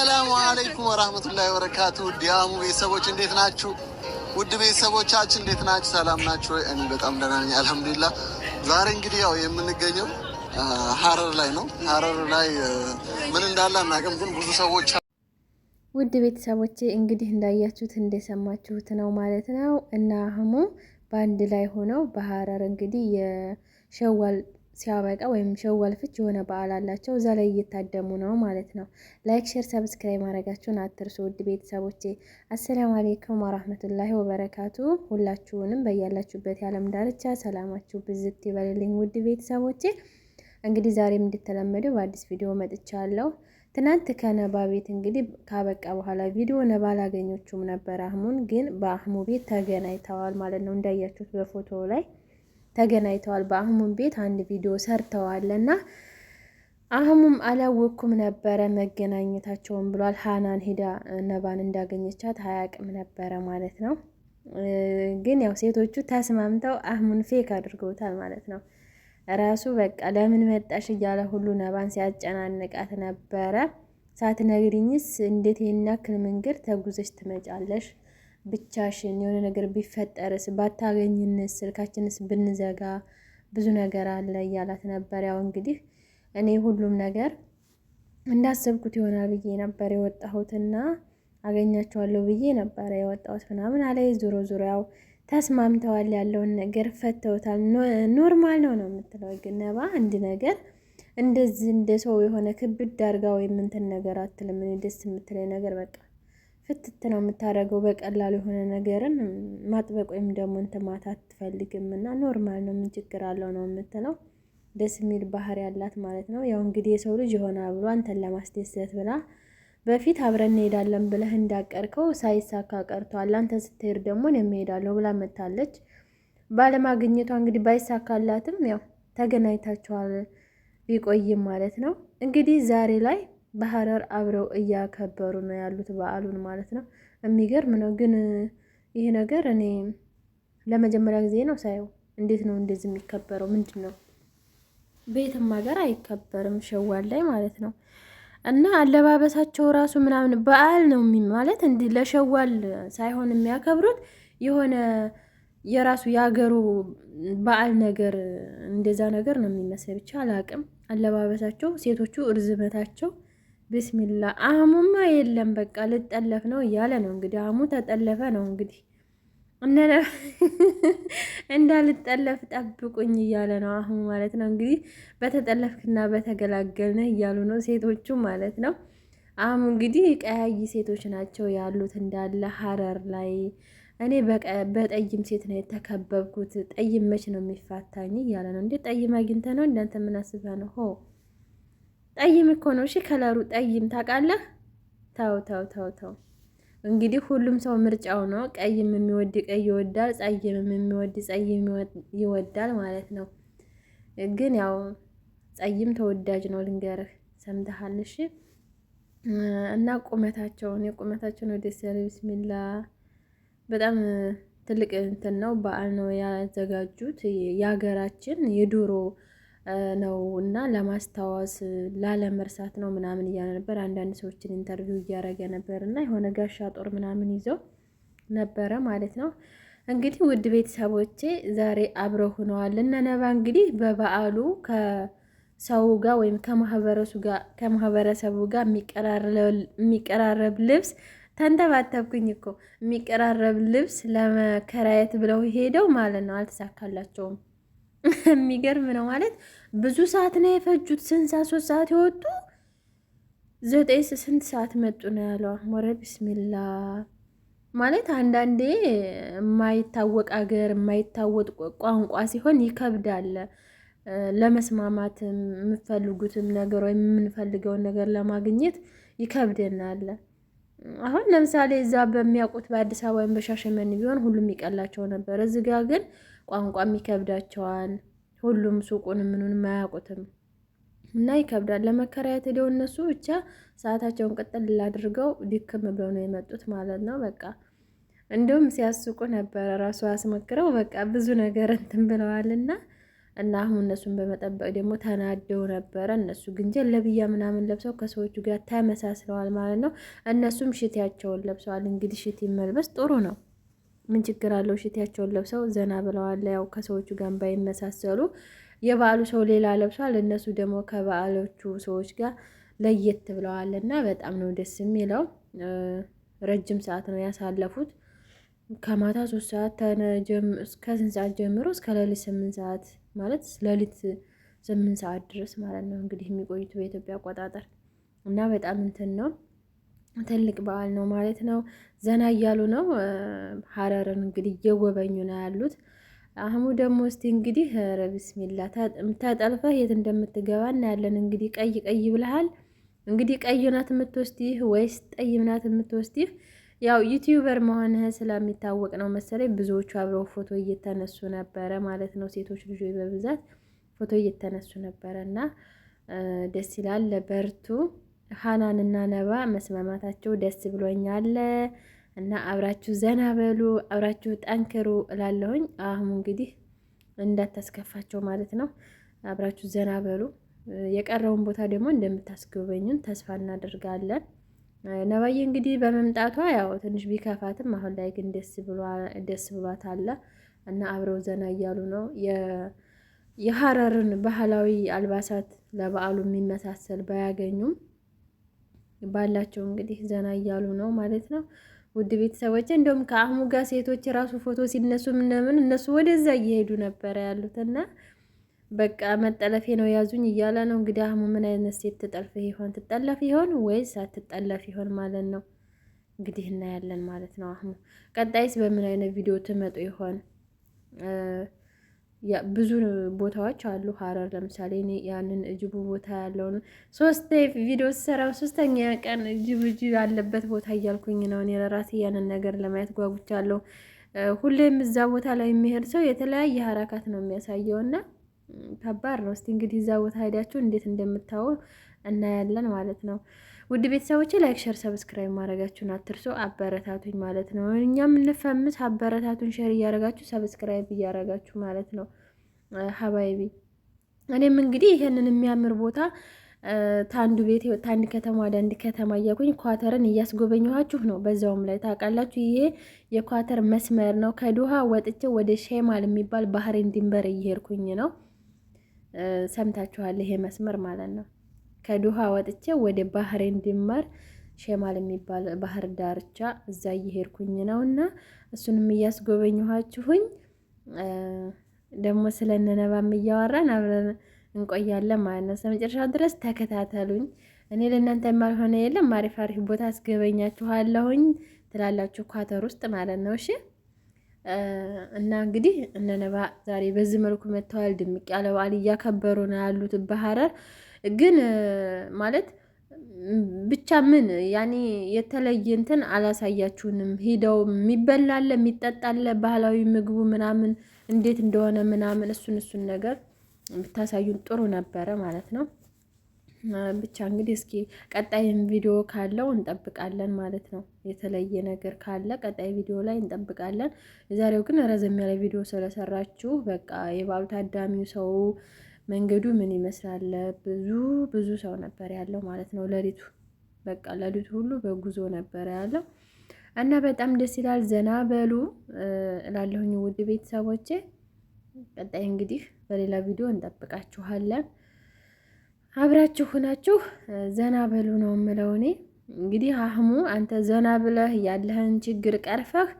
ሰላሙ አለይኩም ወራህመቱላሂ ወበረካቱ። ዲያሙ ቤተሰቦች እንዴት ናችሁ? ውድ ቤተሰቦቻችን እንዴት ናችሁ? ሰላም ናችሁ? እኔ በጣም ደህና ነኝ ዛሬ እንግዲህ ያው የምንገኘው ሀረር ላይ ነው። ሀረር ላይ ምን እንዳለ አናውቅም፣ ግን ብዙ ሰዎች ውድ ቤተሰቦቼ እንግዲህ እንዳያችሁት እንደሰማችሁት ነው ማለት ነው እና አህሙ በአንድ ላይ ሆነው በሀረር እንግዲህ የሸዋል ሲያበቃ ወይም ሸዋል ፍች የሆነ በዓል አላቸው። እዛ ላይ እየታደሙ ነው ማለት ነው። ላይክ፣ ሼር፣ ሰብስክራይብ ማድረጋችሁን አትርሱ። ውድ ቤተሰቦቼ አሰላሙ አሌይኩም ወራህመቱላሂ ወበረካቱ። ሁላችሁንም በያላችሁበት የዓለም ዳርቻ ሰላማችሁ ብዝት ይበልልኝ። ውድ ቤተሰቦቼ እንግዲህ ዛሬም እንደተለመደው በአዲስ ቪዲዮ መጥቻለሁ። ትናንት ከነባ ቤት እንግዲህ ካበቃ በኋላ ቪዲዮ ነባ አላገኘችውም ነበር። አህሙን ግን በአህሙ ቤት ተገናኝተዋል ማለት ነው እንዳያችሁት በፎቶ ላይ ተገናኝተዋል። በአህሙም ቤት አንድ ቪዲዮ ሰርተዋል እና አህሙም አላወቅኩም ነበረ መገናኘታቸውን ብሏል። ሀናን ሄዳ ነባን እንዳገኘቻት አያውቅም ነበረ ማለት ነው። ግን ያው ሴቶቹ ተስማምተው አህሙን ፌክ አድርገውታል ማለት ነው። ራሱ በቃ ለምን መጣሽ እያለ ሁሉ ነባን ሲያጨናንቃት ነበረ። ሳትነግሪኝስ እንዴት ይህን ያክል መንገድ ተጉዘሽ ትመጫለሽ? ብቻሽን የሆነ ነገር ቢፈጠርስ ባታገኝንስ ስልካችንስ ብንዘጋ ብዙ ነገር አለ እያላት ነበር። ያው እንግዲህ እኔ ሁሉም ነገር እንዳሰብኩት ይሆናል ብዬ ነበር የወጣሁትና አገኛቸዋለሁ ብዬ ነበረ የወጣሁት ምናምን አለ። ዞሮ ዞሮ ያው ተስማምተዋል፣ ያለውን ነገር ፈተውታል። ኖርማል ነው ነው የምትለው ግን ነባ አንድ ነገር እንደዚህ እንደ ሰው የሆነ ክብድ አድርጋ ወይም እንትን ነገር አትልም። እኔ ደስ የምትለኝ ነገር በቃ ፍትት ነው የምታደርገው። በቀላሉ የሆነ ነገርን ማጥበቅ ወይም ደግሞ እንትማት አትፈልግም እና ኖርማል ነው፣ ምን ችግር አለው ነው የምትለው። ደስ የሚል ባህሪ ያላት ማለት ነው። ያው እንግዲህ የሰው ልጅ የሆነ ብሎ አንተን ለማስደሰት ብላ በፊት አብረን እንሄዳለን ብለህ እንዳቀርከው ሳይሳካ ቀርቷል። አንተ ስትሄድ ደግሞ እኔም እሄዳለሁ ብላ መታለች። ባለማግኘቷ እንግዲህ ባይሳካላትም ያው ተገናኝታችኋል ቢቆይም ማለት ነው እንግዲህ ዛሬ ላይ በሀረር አብረው እያከበሩ ነው ያሉት በዓሉን ማለት ነው። የሚገርም ነው ግን ይህ ነገር እኔ ለመጀመሪያ ጊዜ ነው ሳየው። እንዴት ነው እንደዚህ የሚከበረው? ምንድን ነው ቤትም ሀገር አይከበርም ሸዋል ላይ ማለት ነው። እና አለባበሳቸው ራሱ ምናምን በዓል ነው ማለት እንዲ ለሸዋል ሳይሆን የሚያከብሩት የሆነ የራሱ የሀገሩ በዓል ነገር እንደዛ ነገር ነው የሚመስል ብቻ አላቅም። አለባበሳቸው ሴቶቹ እርዝመታቸው ብስሚላ አህሙማ የለም በቃ ልጠለፍ ነው እያለ ነው እንግዲህ። አህሙ ተጠለፈ ነው እንግዲህ እንዳልጠለፍ ጠብቁኝ እያለ ነው አህሙ ማለት ነው እንግዲህ። በተጠለፍክና በተገላገልነ እያሉ ነው ሴቶቹ ማለት ነው። አህሙ እንግዲህ ቀያይ ሴቶች ናቸው ያሉት እንዳለ ሀረር ላይ። እኔ በጠይም ሴት ነው የተከበብኩት፣ ጠይም መች ነው የሚፋታኝ እያለ ነው። እንዴ ጠይም አግኝተ ነው እንዳንተ ምን አስበህ ነው ሆ ጠይም እኮ ነው። እሺ ከለሩ ጠይም ታውቃለህ። ተው ተው ተው ተው። እንግዲህ ሁሉም ሰው ምርጫው ነው። ቀይም የሚወድ ቀይ ይወዳል፣ ጸይምም የሚወድ ጸይም ይወዳል ማለት ነው። ግን ያው ጸይም ተወዳጅ ነው። ልንገርህ ሰምተሃል? እሺ እና ቁመታቸውን የቁመታቸውን ወደ ሰሪ ብስሚላ በጣም ትልቅ እንትን ነው። በዓል ነው ያዘጋጁት የሀገራችን የድሮ ነው እና ለማስታወስ ላለመርሳት ነው ምናምን እያለ ነበር። አንዳንድ ሰዎችን ኢንተርቪው እያደረገ ነበር እና የሆነ ጋሻ ጦር ምናምን ይዘው ነበረ ማለት ነው። እንግዲህ ውድ ቤተሰቦቼ ዛሬ አብረው ሆነዋል። እነ ነባ እንግዲህ በበዓሉ ከሰው ጋር ወይም ከማህበረሰቡ ጋር የሚቀራረብ ልብስ ተንተባተብኩኝ እኮ የሚቀራረብ ልብስ ለመከራየት ብለው ሄደው ማለት ነው። አልተሳካላቸውም። የሚገርም ነው ማለት ብዙ ሰዓት ነው የፈጁት። ስንት ሰዓት? ሶስት ሰዓት የወጡ ዘጠኝ ስንት ሰዓት መጡ ነው ያለው። ወረ ቢስሚላ ማለት አንዳንዴ የማይታወቅ አገር የማይታወቅ ቋንቋ ሲሆን ይከብዳል ለመስማማት የምፈልጉትም ነገር ወይም የምንፈልገውን ነገር ለማግኘት ይከብድናል። አሁን ለምሳሌ እዛ በሚያውቁት በአዲስ አበባ ወይም በሻሸመኔ ቢሆን ሁሉም ይቀላቸው ነበር። እዚህ ግን ቋንቋም ይከብዳቸዋል። ሁሉም ሱቁን ምኑን ማያውቁትም እና ይከብዳል። ለመከራየት ሄደው እነሱ ብቻ ሰዓታቸውን ቅጥል ላድርገው ድክም ብለው ነው የመጡት ማለት ነው። በቃ እንዲሁም ሲያስቁ ነበረ ራሱ አስመክረው በቃ ብዙ ነገር እንትን ብለዋልና እና አሁን እነሱን በመጠበቅ ደግሞ ተናደው ነበረ። እነሱ ግን ጀለብያ ምናምን ለብሰው ከሰዎቹ ጋር ተመሳስለዋል ማለት ነው። እነሱም ሽቲያቸውን ለብሰዋል። እንግዲህ ሽቲ መልበስ ጥሩ ነው። ምን ችግር አለው? ሽቲያቸውን ለብሰው ዘና ብለዋል። ያው ከሰዎቹ ጋር ባይመሳሰሉ የበዓሉ ሰው ሌላ ለብሷል፣ እነሱ ደግሞ ከበዓሎቹ ሰዎች ጋር ለየት ብለዋል እና በጣም ነው ደስ የሚለው። ረጅም ሰዓት ነው ያሳለፉት። ከማታ ሶስት ሰዓት እስከ ስንት ሰዓት ጀምሮ እስከ ሌሊት ስምንት ሰዓት ማለት ሌሊት ስምንት ሰዓት ድረስ ማለት ነው እንግዲህ የሚቆዩት በኢትዮጵያ አቆጣጠር እና በጣም እንትን ነው ትልቅ በዓል ነው ማለት ነው። ዘና እያሉ ነው ሀረርን እንግዲህ እየጎበኙ ነው ያሉት። አህሙ ደግሞ እስቲ እንግዲህ ኧረ ቢስሚላ ተጠልፈህ የት እንደምትገባ እናያለን። እንግዲህ ቀይ ቀይ ብለሃል። እንግዲህ ቀይ ናት የምትወስዲህ ወይስ ጠይ ናት የምትወስዲህ? ያው ዩቲዩበር መሆንህ ስለሚታወቅ ነው መሰለኝ ብዙዎቹ አብረው ፎቶ እየተነሱ ነበረ ማለት ነው። ሴቶች ልጆች በብዛት ፎቶ እየተነሱ ነበረ እና ደስ ይላል። በርቱ ሀናን እና ነባ መስማማታቸው ደስ ብሎኛል እና አብራችሁ ዘና በሉ፣ አብራችሁ ጠንክሩ እላለሁኝ። አሁን እንግዲህ እንዳታስከፋቸው ማለት ነው። አብራችሁ ዘና በሉ። የቀረውን ቦታ ደግሞ እንደምታስጎበኙን ተስፋ እናደርጋለን። ነባዬ እንግዲህ በመምጣቷ ያው ትንሽ ቢከፋትም አሁን ላይ ግን ደስ ብሏት አለ እና አብረው ዘና እያሉ ነው። የሀረርን ባህላዊ አልባሳት ለበዓሉ የሚመሳሰል ባያገኙም ባላቸው እንግዲህ ዘና እያሉ ነው ማለት ነው። ውድ ቤተሰቦች እንደውም ከአህሙ ጋር ሴቶች የራሱ ፎቶ ሲነሱ ምናምን እነሱ ወደዛ እየሄዱ ነበረ ያሉትና በቃ መጠለፌ ነው ያዙኝ እያለ ነው እንግዲህ። አህሙ ምን አይነት ሴት ትጠልፍ ይሆን ትጠለፍ ይሆን ወይስ አትጠለፍ ይሆን ማለት ነው እንግዲህ እናያለን ማለት ነው። አህሙ ቀጣይስ በምን አይነት ቪዲዮ ትመጡ ይሆን? ብዙ ቦታዎች አሉ። ሀረር ለምሳሌ እኔ ያንን እጅቡ ቦታ ያለውን ሶስት ቪዲዮ ሰራ ሶስተኛ ቀን ጅቡ ጅብ ያለበት ቦታ እያልኩኝ ነው። እኔ ለራሴ ያንን ነገር ለማየት ጓጉቻለሁ። ሁሌም እዛ ቦታ ላይ የሚሄድ ሰው የተለያየ ሀረካት ነው የሚያሳየውና ከባድ ነው። እስቲ እንግዲህ እዛ ቦታ ሄዳችሁ እንዴት እንደምታዩ እናያለን ማለት ነው። ውድ ቤተሰቦች ላይክ፣ ሸር፣ ሰብስክራይብ ማድረጋችሁን አትርሱ። አበረታቱኝ ማለት ነው። እኛም እንፈምስ። አበረታቱን ሸር እያረጋችሁ ሰብስክራይብ እያረጋችሁ ማለት ነው። ሀባይቢ እኔም እንግዲህ ይህንን የሚያምር ቦታ ታንዱ ቤት ታንድ ከተማ ወደ አንድ ከተማ እያኩኝ ኳተርን እያስጎበኘኋችሁ ነው። በዛውም ላይ ታውቃላችሁ ይሄ የኳተር መስመር ነው። ከዱሃ ወጥቼ ወደ ሼማል የሚባል ባህሬን ድንበር እየሄድኩኝ ነው። ሰምታችኋል። ይሄ መስመር ማለት ነው። ከዱሃ ወጥቼ ወደ ባህር ድንበር ሸማል የሚባል ባህር ዳርቻ እዛ እየሄድኩኝ ነው እና እሱንም እያስጎበኘኋችሁኝ ደግሞ ስለ እነነባም እያወራን አብረን እንቆያለን ማለት ነው። እስከመጨረሻው ድረስ ተከታተሉኝ። እኔ ለእናንተ የማልሆነ የለም። አሪፍ አሪፍ ቦታ አስገበኛችኋለሁኝ ትላላችሁ ኳተር ውስጥ ማለት ነው። እሺ እና እንግዲህ እነነባ ዛሬ በዚህ መልኩ መጥተዋል። ድምቅ ያለ በዓል እያከበሩ ነው ያሉት በሀረር ግን ማለት ብቻ ምን ያኔ የተለየ እንትን አላሳያችሁንም። ሄደው የሚበላለ የሚጠጣለ ባህላዊ ምግቡ ምናምን እንዴት እንደሆነ ምናምን እሱን እሱን ነገር ብታሳዩን ጥሩ ነበረ ማለት ነው። ብቻ እንግዲህ እስኪ ቀጣይም ቪዲዮ ካለው እንጠብቃለን ማለት ነው። የተለየ ነገር ካለ ቀጣይ ቪዲዮ ላይ እንጠብቃለን። የዛሬው ግን ረዘም ያለ ቪዲዮ ስለሰራችሁ በቃ የባሉ ታዳሚው ሰው መንገዱ ምን ይመስላል? ብዙ ብዙ ሰው ነበር ያለው ማለት ነው። ለሊቱ በቃ ለሊቱ ሁሉ በጉዞ ነበር ያለው እና በጣም ደስ ይላል። ዘና በሉ እላለሁኝ ውድ ቤተሰቦቼ። ቀጣይ እንግዲህ በሌላ ቪዲዮ እንጠብቃችኋለን። አብራችሁ ሁናችሁ ዘና በሉ ነው የምለው እኔ። እንግዲህ አህሙ አንተ ዘና ብለህ ያለህን ችግር ቀርፈህ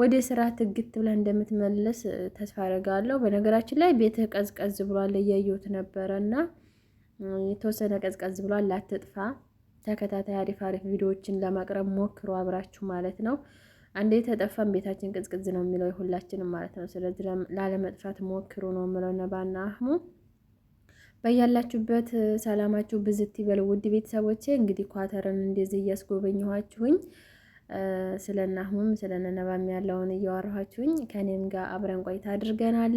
ወደ ስራ ትግት ብላ እንደምትመለስ ተስፋ አደርጋለሁ። በነገራችን ላይ ቤትህ ቀዝቀዝ ብሏል እያየሁት ነበረ እና የተወሰነ ቀዝቀዝ ብሏል። ላትጥፋ ተከታታይ አሪፍ አሪፍ ቪዲዮዎችን ለማቅረብ ሞክሩ አብራችሁ ማለት ነው። አንዴ ተጠፋን ቤታችን ቅዝቅዝ ነው የሚለው ሁላችንም ማለት ነው። ስለዚህ ላለመጥፋት ሞክሩ ነው የምለው ነባና አህሙ በያላችሁበት ሰላማችሁ ብዝት ይበል። ውድ ቤተሰቦቼ እንግዲህ ኳተርን እንደዚህ እያስጎበኘኋችሁኝ ስለናሁም ስለነነባም ያለውን እያወራኋችሁኝ ከኔም ጋር አብረን ቆይታ አድርገናል።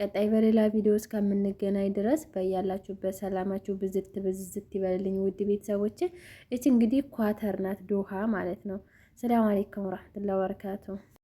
ቀጣይ በሌላ ቪዲዮ እስከምንገናኝ ድረስ በያላችሁበት ሰላማችሁ ብዝት ብዝዝት ይበልልኝ። ውድ ቤተሰቦች እች እንግዲህ ኳተር ናት ዶሃ ማለት ነው። ሰላም አሌይኩም ረህመቱላሂ ወበረካቱ